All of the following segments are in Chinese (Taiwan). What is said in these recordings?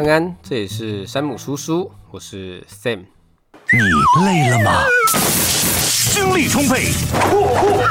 安安，這也是山姆叔叔。我是 Sam。你累了嗎？精力充沛。呼呼。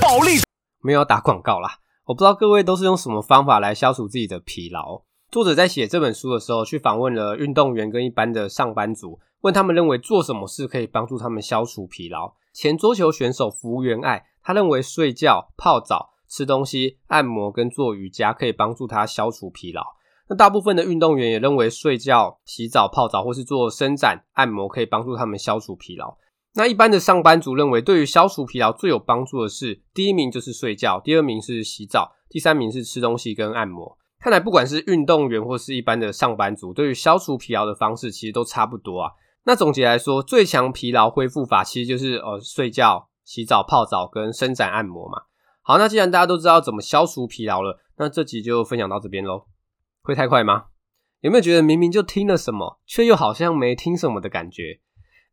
保力。沒有打廣告啦。我不知道各位都是用什麼方法來消除自己的疲勞。作者在寫這本書的時候，去訪問了運動員跟一般的上班族，問他們認為做什麼事可以幫助他們消除疲勞。前桌球選手福原愛，他認為睡覺、泡澡、吃東西、按摩跟做瑜伽可以幫助他消除疲勞。那大部分的運動員也認為睡覺、洗澡、泡澡或是做伸展按摩可以幫助他們消除疲勞。那一般的上班族認為，對於消除疲勞最有幫助的是第一名就是睡覺，第二名是洗澡，第三名是吃東西跟按摩。看來不管是運動員或是一般的上班族，對於消除疲勞的方式其實都差不多啊。那總結來說，最強疲勞恢復法其實就是，呃，睡覺、洗澡、泡澡跟伸展按摩嘛。好，那既然大家都知道怎麼消除疲勞了，那這集就分享到這邊嘍。會太快嗎？有沒有覺得明明就聽了什麼，卻又好像沒聽什麼的感覺？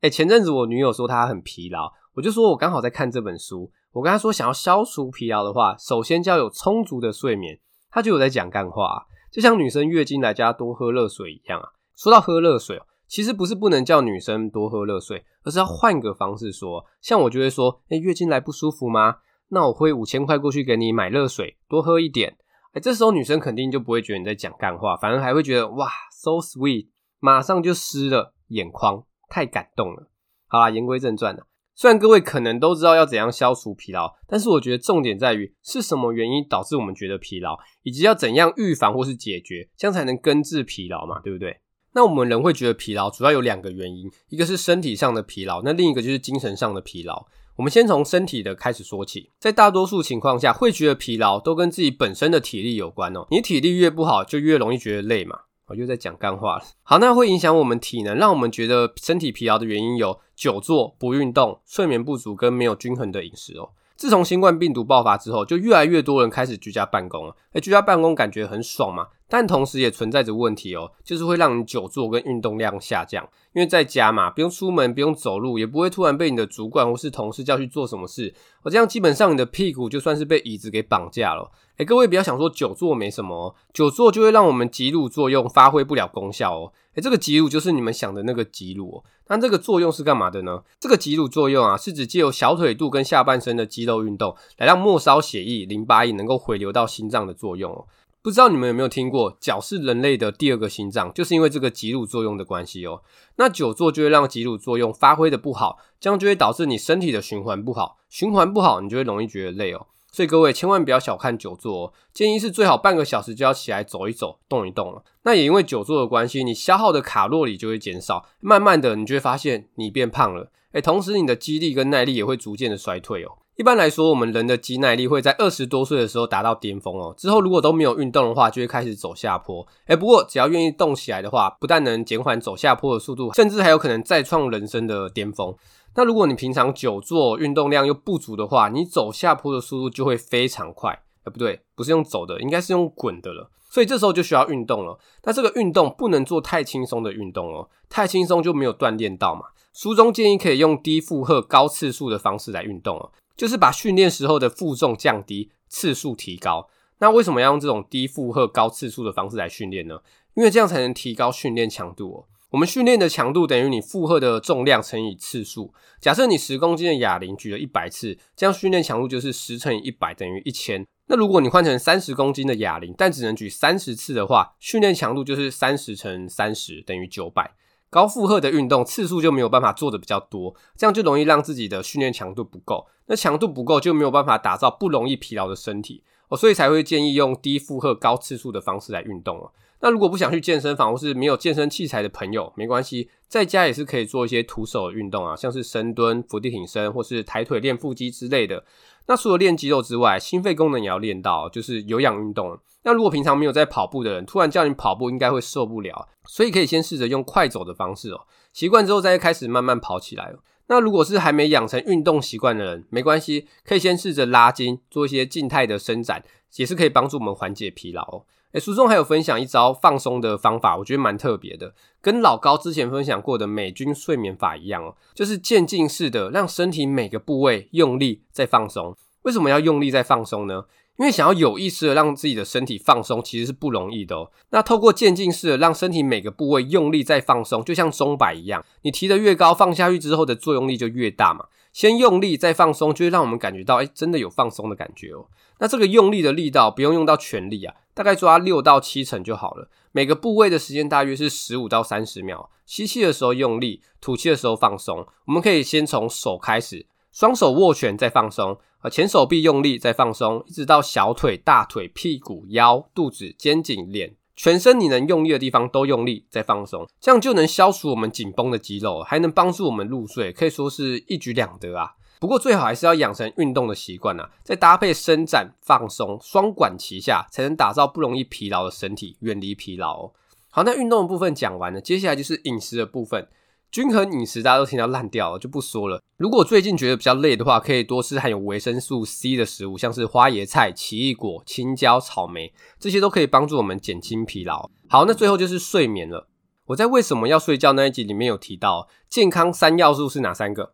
哎，前陣子我女友說她很疲勞，我就說我剛好在看這本書。我跟她說，想要消除疲勞的話，首先就要有充足的睡眠。她就有在講幹話啊,就像女生月經來叫多喝熱水一樣啊。說到喝熱水，其實不是不能叫女生多喝熱水，而是要換個方式說。像我就會說，哎，月經來不舒服嗎？那我匯五千塊過去給你買熱水，多喝一點。哎，這時候女生肯定就不會覺得你在講幹話，反而還會覺得哇，so sweet，馬上就濕了眼眶，太感動了。好啦，言歸正傳了。雖然各位可能都知道要怎樣消除疲勞，但是我覺得重點在於是什麼原因導致我們覺得疲勞，以及要怎樣預防或是解決，這樣才能根治疲勞嘛，對不對？那我們人會覺得疲勞，主要有兩個原因，一個是身體上的疲勞，那另一個就是精神上的疲勞。我們先從身體的開始說起，在大多數情況下，會覺得疲勞都跟自己本身的體力有關哦。你體力越不好，就越容易覺得累嘛。我又在講幹話了。好，那會影響我們體能，讓我們覺得身體疲勞的原因有久坐、不運動、睡眠不足跟沒有均衡的飲食哦。自從新冠病毒爆發之後，就越來越多人開始居家辦公了。啊，哎，居家辦公感覺很爽嘛。但同時也存在着問題哦、喔，就是會讓你久坐跟運動量下降，因為在家嘛，不用出門，不用走路，也不會突然被你的主管或是同事叫去做什麼事。我這樣基本上你的屁股就算是被椅子給綁架了、欸。各位不要想說久坐沒什麼、喔，久坐就會讓我們脊柱作用發揮不了功效哦、喔。哎、欸，這個脊柱就是你們想的那個脊哦、喔。那這個作用是幹嘛的呢？這個脊柱作用啊，是指借由小腿肚跟下半身的肌肉運動，來讓末梢血液、淋巴液能夠回流到心臟的作用、喔。不知道你們有沒有聽過，腳是人類的第二個心臟，就是因為這個擠乳作用的關係哦、喔。那久坐就會讓擠乳作用發揮的不好，這樣就會導致你身體的循環不好，循環不好，你就會容易覺得累哦、喔。所以各位千萬不要小看久坐、喔，建議是最好半個小時就要起來走一走，動一動了。那也因為久坐的關係，你消耗的卡路里就會減少，慢慢的你就會發現你變胖了，哎、欸，同時你的肌力跟耐力也會逐漸的衰退哦、喔。一般來說，我們人的肌耐力會在二十多歲的時候達到巔峰哦。之後如果都沒有運動的話，就會開始走下坡。誒，不過只要願意動起來的話，不但能減緩走下坡的速度，甚至還有可能再創人生的巔峰。那如果你平常久坐，運動量又不足的話，你走下坡的速度就會非常快。誒，不對，不是用走的，應該是用滾的了。所以這時候就需要運動了。那這個運動不能做太輕鬆的運動哦，太輕鬆就沒有鍛鍊到嘛。書中建議可以用低負荷、高次數的方式來運動哦。就是把訓練時候的負重降低，次數提高。那為什麼要用這種低負荷高次數的方式來訓練呢？因為這樣才能提高訓練強度哦。我們訓練的強度等於你負荷的重量乘以次數。假設你十公斤的啞鈴舉了一百次，這樣訓練強度就是十乘以一百等於一千。那如果你換成三十公斤的啞鈴，但只能舉三十次的話，訓練強度就是三十乘三十等於九百。高負荷的運動次數就沒有辦法做的比較多，這樣就容易讓自己的訓練強度不夠，那強度不夠就沒有辦法打造不容易疲勞的身體，哦，所以才會建議用低負荷高次數的方式來運動。那如果不想去健身房或是沒有健身器材的朋友，沒關係，在家也是可以做一些徒手運動啊，像是深蹲、伏地挺身，或是抬腿練腹肌之類的。那除了練肌肉之外，心肺功能也要練到，就是有氧運動。那如果平常沒有在跑步的人，突然叫你跑步，應該會受不了，所以可以先試着用快走的方式哦，習慣之後再開始慢慢跑起來。那如果是還沒養成運動習慣的人，沒關係，可以先試着拉筋，做一些靜態的伸展，也是可以幫助我們緩解疲勞哦。誒、欸、書中還有分享一招放鬆的方法，我覺得蠻特別的，跟老高之前分享過的美軍睡眠法一樣哦、喔，就是漸進式的讓身體每個部位用力再放鬆。為什麼要用力再放鬆呢？因為想要有意識的讓自己的身體放鬆，其實是不容易的、喔。那透過漸進式的讓身體每個部位用力再放鬆，就像鐘擺一樣，你提得越高，放下去之後的作用力就越大嘛。先用力再放鬆，就會讓我們感覺到，哎、欸，真的有放鬆的感覺哦、喔。那這個用力的力道不用用到全力啊。大概抓六到七成就好了，每個部位的時間大約是十五到三十秒。吸氣的時候用力，吐氣的時候放鬆。我們可以先從手開始，雙手握拳再放鬆，前手臂用力再放鬆，一直到小腿、大腿、屁股、腰、肚子、肩頸、臉，全身你能用力的地方都用力再放鬆，這樣就能消除我們緊繃的肌肉，還能幫助我們入睡，可以說是一舉兩得啊。不過最好還是要養成運動的習慣吶，再搭配伸展放鬆，雙管齊下，才能打造不容易疲勞的身體，遠離疲勞哦。好，那運動的部分講完了，接下來就是飲食的部分，均衡飲食大家都聽到爛掉了，就不說了。如果最近覺得比較累的話，可以多吃含有維生素 C 的食物，像是花椰菜、奇異果、青椒、草莓，這些都可以幫助我們減輕疲勞。好，那最後就是睡眠了。我在為什麼要睡覺那一集裡面有提到，健康三要素是哪三個？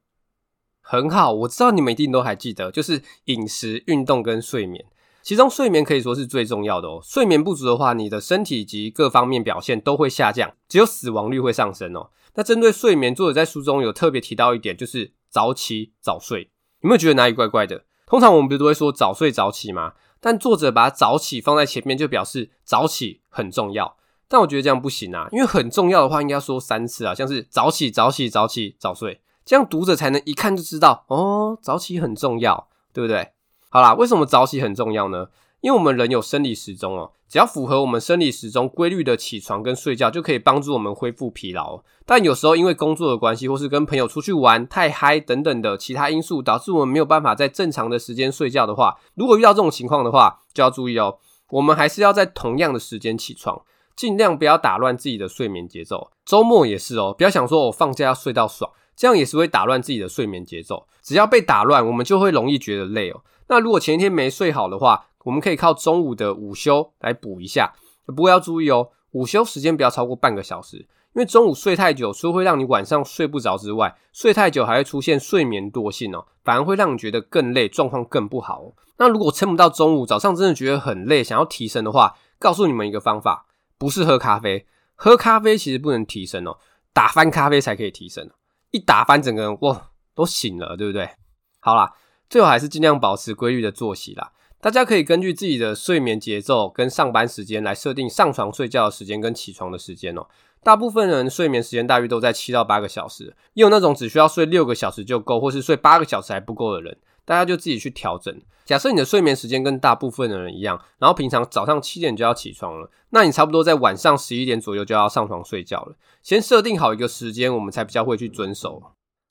很好，我知道你們一定都還記得，就是飲食、運動跟睡眠，其中睡眠可以說是最重要的哦、喔。睡眠不足的話，你的身體及各方面表現都會下降，只有死亡率會上升哦、喔。那針對睡眠，作者在書中有特別提到一點，就是早起早睡。有沒有覺得哪裡怪怪的？通常我們不是都會說早睡早起嗎？但作者把早起放在前面，就表示早起很重要。但我覺得這樣不行啊，因為很重要的話應該說三次啊，像是早起、早起、早起、早睡。這樣讀者才能一看就知道哦，早起很重要，對不對？好啦，為什麼早起很重要呢？因為我們人有生理時鐘哦，只要符合我們生理時鐘規律的起床跟睡覺，就可以幫助我們恢復疲勞。但有時候因為工作的關係，或是跟朋友出去玩太嗨等等的其他因素，導致我們沒有辦法在正常的時間睡覺的話，如果遇到這種情況的話，就要注意哦，我們還是要在同樣的時間起床，盡量不要打亂自己的睡眠節奏。週末也是哦，不要想說我放假要睡到爽。這樣也是會打亂自己的睡眠節奏。只要被打亂，我們就會容易覺得累哦。那如果前一天沒睡好的話，我們可以靠中午的午休來補一下。不過要注意哦，午休時間不要超過半個小時，因為中午睡太久，除了會讓你晚上睡不着之外，睡太久還會出現睡眠惰性哦，反而會讓你覺得更累，狀況更不好哦。那如果撐不到中午，早上真的覺得很累，想要提神的話，告訴你們一個方法，不是喝咖啡，喝咖啡其實不能提神哦，打翻咖啡才可以提神。一打翻，整個人哇都醒了，對不對？好啦，最後還是盡量保持規律的作息啦。大家可以根據自己的睡眠節奏跟上班時間來設定上床睡覺的時間跟起床的時間哦。大部分人睡眠時間大約都在七到八個小時，也有那種只需要睡六個小時就夠，或是睡八個小時還不夠的人。大家就自己去調整。假設你的睡眠時間跟大部分的人一樣，然後平常早上七點就要起床了，那你差不多在晚上十一點左右就要上床睡覺了。先設定好一個時間，我們才比較會去遵守。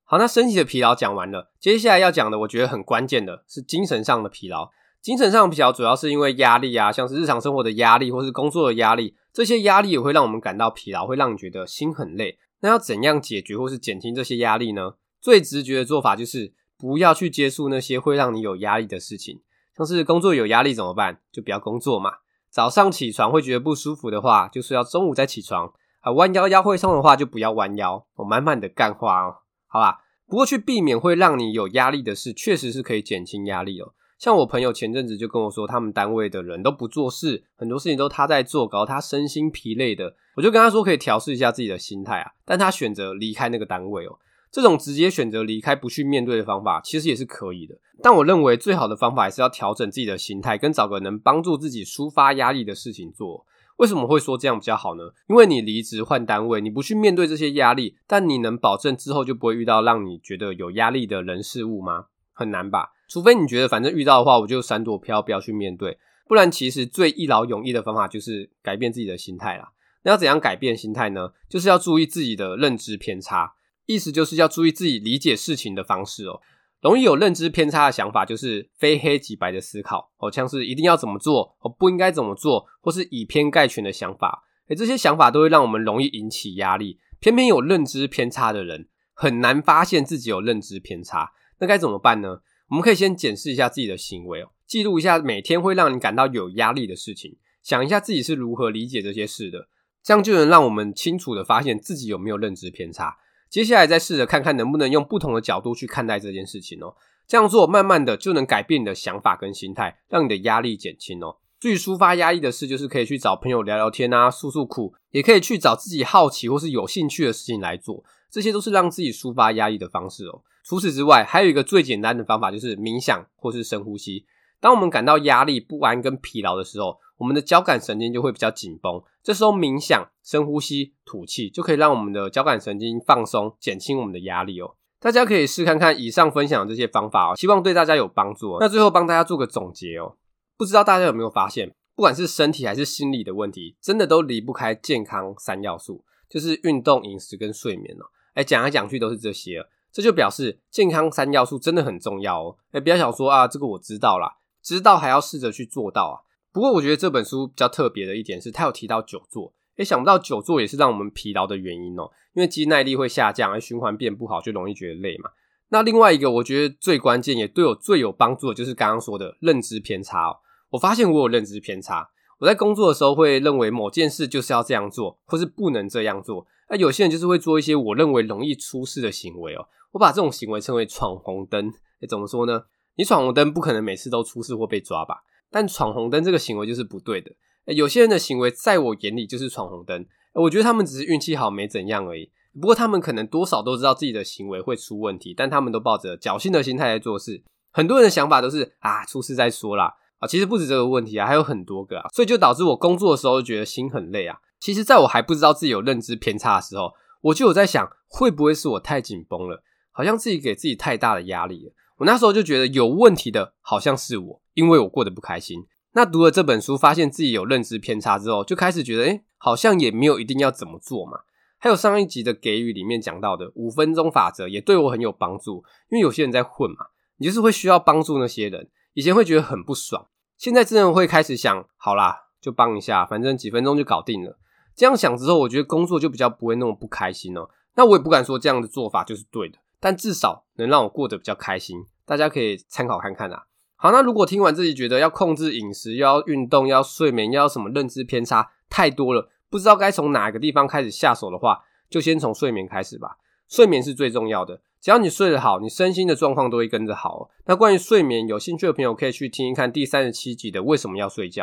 好，那身體的疲勞講完了，接下來要講的，我覺得很關鍵的是精神上的疲勞。精神上的疲勞主要是因為壓力啊，像是日常生活的壓力或是工作的壓力，這些壓力也會讓我們感到疲勞，會讓你覺得心很累。那要怎樣解決或是減輕這些壓力呢？最直覺的做法就是。不要去接觸那些會讓你有壓力的事情，像是工作有壓力怎麼辦？就不要工作嘛。早上起床會覺得不舒服的話，就是要中午再起床啊。彎腰腰會痛的話，就不要彎腰。我滿滿的幹話哦，好啦，不過去避免會讓你有壓力的事，確實是可以減輕壓力哦。像我朋友前陣子就跟我說，他們單位的人都不做事，很多事情都他在做，搞他身心疲累的。我就跟他說可以調適一下自己的心態啊，但他選擇離開那個單位哦。這種直接選擇離開、不去面對的方法，其實也是可以的。但我認為最好的方法還是要調整自己的心態，跟找個能幫助自己抒發壓力的事情做。為什麼會說這樣比較好呢？因為你離職換單位，你不去面對這些壓力，但你能保證之後就不會遇到讓你覺得有壓力的人事物嗎？很難吧？除非你覺得反正遇到的話我就閃躲飄，不要去面對。不然，其實最一勞永逸的方法就是改變自己的心態啦。那要怎樣改變心態呢？就是要注意自己的認知偏差。意思就是要注意自己理解事情的方式哦、喔，容易有認知偏差的想法就是非黑即白的思考、喔，好像是一定要怎麼做，不應該怎麼做，或是以偏概全的想法、欸，而這些想法都會讓我們容易引起壓力。偏偏有認知偏差的人很難發現自己有認知偏差，那該怎麼辦呢？我們可以先檢視一下自己的行為、喔，記錄一下每天會讓你感到有壓力的事情，想一下自己是如何理解這些事的，這樣就能讓我們清楚的發現自己有沒有認知偏差。接下來再試着看看能不能用不同的角度去看待這件事情哦。這樣做，慢慢的就能改變你的想法跟心態，讓你的壓力減輕哦。最抒發壓力的事，就是可以去找朋友聊聊天啊，訴訴苦，也可以去找自己好奇或是有興趣的事情來做，這些都是讓自己抒發壓力的方式哦。除此之外，還有一個最簡單的方法，就是冥想或是深呼吸。當我們感到壓力、不安跟疲勞的時候，我們的交感神經就會比較緊繃，這時候冥想、深呼吸、吐氣就可以讓我們的交感神經放鬆，減輕我們的壓力哦。大家可以試看看以上分享的這些方法哦，希望對大家有幫助。那最後幫大家做個總結哦，不知道大家有沒有發現，不管是身體還是心理的問題，真的都離不開健康三要素，就是運動、飲食跟睡眠哦。誒，講來講去都是這些哦，這就表示健康三要素真的很重要哦。誒，不要想說，啊，這個我知道啦，知道還要試着去做到啊。不過我覺得這本書比較特別的一點是，它有提到久坐。哎，想不到久坐也是讓我們疲勞的原因哦，因為肌耐力會下降，而循環變不好，就容易覺得累嘛。那另外一個我覺得最關鍵，也對我最有幫助的就是剛剛說的認知偏差哦。我發現我有認知偏差，我在工作的時候會認為某件事就是要這樣做，或是不能這樣做。那有些人就是會做一些我認為容易出事的行為哦。我把這種行為稱為闖紅燈。誒，怎麼說呢？你闖紅燈不可能每次都出事或被抓吧？但闖紅燈這個行為就是不對的、欸。有些人的行為在我眼裡就是闖紅燈、欸，我覺得他們只是運氣好沒怎樣而已。不過他們可能多少都知道自己的行為會出問題，但他們都抱着僥幸的心態在做事。很多人的想法都是啊，出事再說啦啊，其實不止這個問題啊，還有很多個啊，所以就導致我工作的時候就覺得心很累啊。其實在我還不知道自己有認知偏差的時候，我就有在想，會不會是我太緊繃了，好像自己給自己太大的壓力了。我那時候就覺得有問題的，好像是我，因為我過得不開心。那讀了這本書，發現自己有認知偏差之後，就開始覺得，欸，好像也沒有一定要怎麼做嘛。還有上一集的給予裡面講到的五分鐘法則，也對我很有幫助。因為有些人在混嘛，你就是會需要幫助那些人。以前會覺得很不爽，現在真的會開始想，好啦，就幫一下，反正幾分鐘就搞定了。這樣想之後，我覺得工作就比較不會那麼不開心喔。那我也不敢說這樣的做法就是對的。但至少能讓我過得比較開心，大家可以參考看看啊。好，那如果聽完自己覺得要控制飲食、要運動、要睡眠、要什麼認知偏差太多了，不知道該從哪個地方開始下手的話，就先從睡眠開始吧。睡眠是最重要的，只要你睡得好，你身心的狀況都會跟着好。那關於睡眠，有興趣的朋友可以去聽一看第三十七集的《為什麼要睡覺》。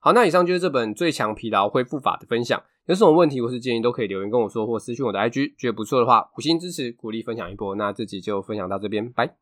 好，那以上就是這本《最強疲勞恢復法》的分享。有什麼問題或是建議，都可以留言跟我說，或私訊我的 IG。覺得不錯的話，五星支持，鼓勵分享一波。那這集就分享到這邊，拜。